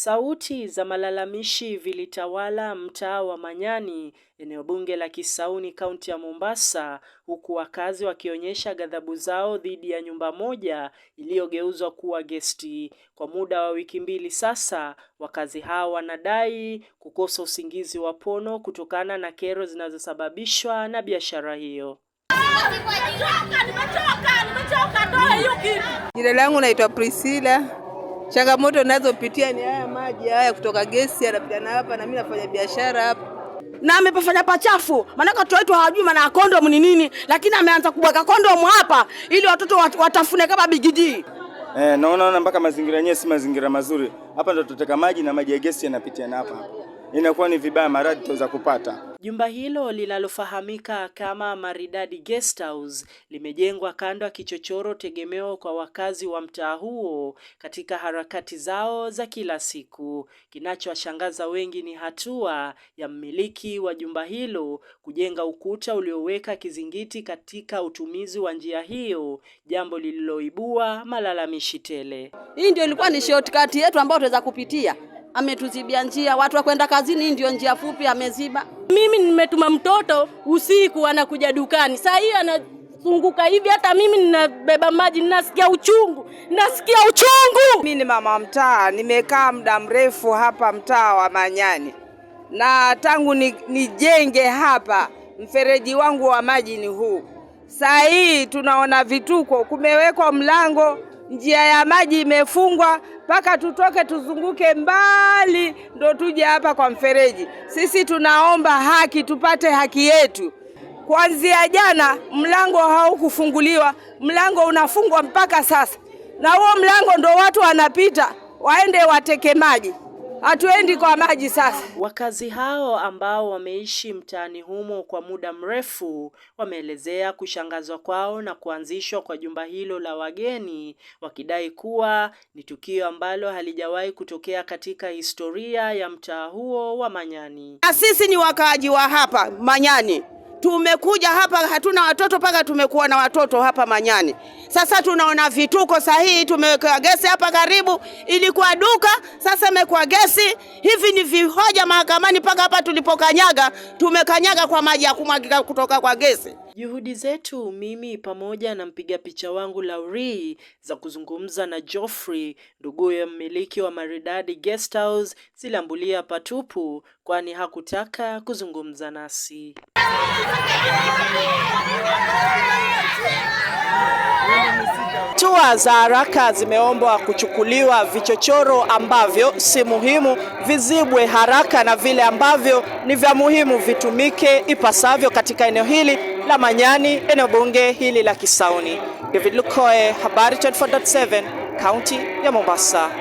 Sauti za malalamishi vilitawala mtaa wa Manyani, eneo bunge la Kisauni, kaunti ya Mombasa, huku wakazi wakionyesha ghadhabu zao dhidi ya nyumba moja iliyogeuzwa kuwa gesti. Kwa muda wa wiki mbili sasa, wakazi hao wanadai kukosa usingizi wa pono kutokana na kero zinazosababishwa na biashara hiyo. Jina langu naitwa Priscilla. Changamoto ninazopitia ni haya maji haya kutoka gesi yanapitana hapa, na mimi nafanya biashara hapa na amepafanya pachafu, maanake watoto wetu hawajui maana ya ni nini, lakini ameanza kubweka kondom hapa ili watoto watafune kama bigiji Eh, naona mpaka mazingira yenyewe si mazingira mazuri hapa, ndo tuteka maji na maji ya gesi yanapitia hapa hapa inakuwa ni vibaya maradhi tuweza kupata. Jumba hilo linalofahamika kama Maridadi Guest House limejengwa kando ya kichochoro tegemeo kwa wakazi wa mtaa huo katika harakati zao za kila siku. Kinachowashangaza wengi ni hatua ya mmiliki wa jumba hilo kujenga ukuta ulioweka kizingiti katika utumizi wa njia hiyo, jambo lililoibua malalamishi tele. Hii ndio ilikuwa ni shortcut yetu ambayo tunaweza kupitia ametuzibia njia, watu wa kwenda kazini ndio njia fupi ameziba. Mimi nimetuma mtoto usiku anakuja dukani, saa hii anazunguka hivi, hata mimi ninabeba maji, ninasikia uchungu, nasikia uchungu. Mimi ni mama mtaa, nimekaa muda mrefu hapa mtaa wa Manyani, na tangu nijenge ni hapa, mfereji wangu wa maji ni huu. Saa hii tunaona vituko, kumewekwa mlango njia ya maji imefungwa, mpaka tutoke tuzunguke mbali ndo tuje hapa kwa mfereji. Sisi tunaomba haki, tupate haki yetu. Kuanzia jana mlango haukufunguliwa, mlango unafungwa mpaka sasa, na huo mlango ndo watu wanapita waende wateke maji hatuendi kwa maji sasa. Wakazi hao ambao wameishi mtaani humo kwa muda mrefu wameelezea kushangazwa kwao na kuanzishwa kwa jumba hilo la wageni, wakidai kuwa ni tukio ambalo halijawahi kutokea katika historia ya mtaa huo wa Manyani. Na sisi ni wakaaji wa hapa Manyani. Tumekuja hapa hatuna watoto mpaka tumekuwa na watoto hapa Manyani. Sasa tunaona vituko sahihi, tumewekewa gesi hapa karibu, ilikuwa duka, sasa imekuwa gesi. Hivi ni vihoja mahakamani mpaka hapa tulipokanyaga, tumekanyaga kwa maji ya kumwagika kutoka kwa gesi. Juhudi zetu mimi pamoja na mpiga picha wangu Lauri za kuzungumza na Geoffrey nduguye mmiliki wa Maridadi Guest House zilambulia patupu, kwani hakutaka kuzungumza nasi. Hatua za haraka zimeombwa kuchukuliwa, vichochoro ambavyo si muhimu vizibwe haraka na vile ambavyo ni vya muhimu vitumike ipasavyo katika eneo hili la Manyani, eneo bunge hili la Kisauni. David Lukoe, habari 24.7, kaunti ya Mombasa.